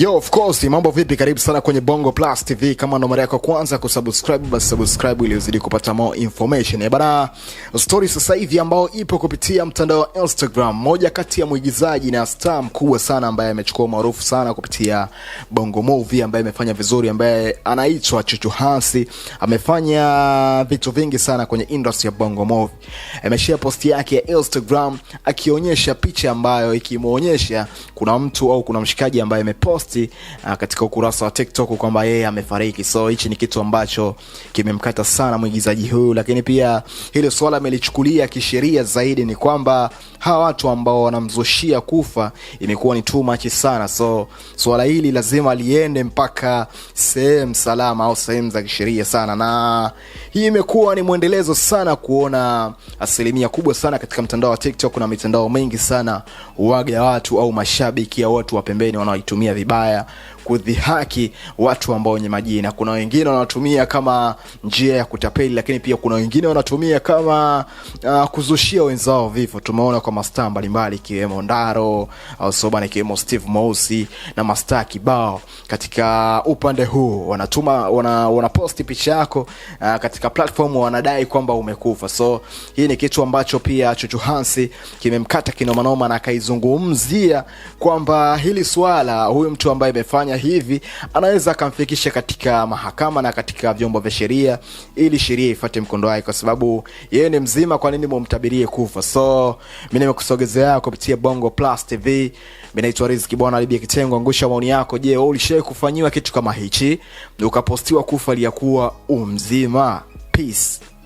Yo, of course, mambo vipi? Karibu sana kwenye Bongo Plus TV. Kama ndo mara yako kwanza kusubscribe, basi subscribe ili uzidi kupata more information. Eh, bana, story sasa hivi ambayo ipo kupitia mtandao wa Instagram, moja kati ya mwigizaji na star mkubwa sana ambaye amechukua maarufu sana kupitia Bongo Movie, ambaye amefanya vizuri, ambaye anaitwa Chuchu Hansi, amefanya vitu vingi sana kwenye industry ya Bongo Movie. Ameshare post yake ya Instagram akionyesha picha ambayo ikimuonyesha kuna mtu au kuna mshikaji ambaye amepost posti uh, katika ukurasa wa TikTok kwamba yeye amefariki. So hichi ni kitu ambacho kimemkata sana mwigizaji huyu, lakini pia hilo swala amelichukulia kisheria zaidi, ni kwamba hawa watu ambao wanamzushia kufa imekuwa ni too much sana, so swala hili lazima liende mpaka sehemu salama au sehemu za kisheria sana, na hii imekuwa ni mwendelezo sana kuona asilimia kubwa sana katika mtandao wa TikTok na mitandao mingi sana waga watu au mashabiki ya watu wa pembeni wanaoitumia vibaya haya kudhihaki watu ambao wenye majina. Kuna wengine wanatumia kama njia ya kutapeli, lakini pia kuna wengine wanatumia kama uh, kuzushia wenzao vifo. Tumeona kwa mastaa mbalimbali ikiwemo Ndaro au Soban, ikiwemo Steve Mausi na mastaa kibao katika upande huu, wanatuma wana, picha yako uh, katika platform wanadai kwamba umekufa. So hii ni kitu ambacho pia Chuchu Hansi kimemkata kinomanoma na akaizungumzia kwamba hili swala huyu mtu ambaye amefanya hivi anaweza akamfikisha katika mahakama na katika vyombo vya sheria, ili sheria ifuate mkondo wake, kwa sababu yeye ni mzima. Kwa nini mumtabirie kufa? So mimi nimekusogezea kupitia Bongo Plus TV. Mimi naitwa Riziki bwana Libia Kitengo, angusha maoni yako. Je, wewe ulishawahi kufanyiwa kitu kama hichi ukapostiwa kufa liyakuwa umzima? Peace.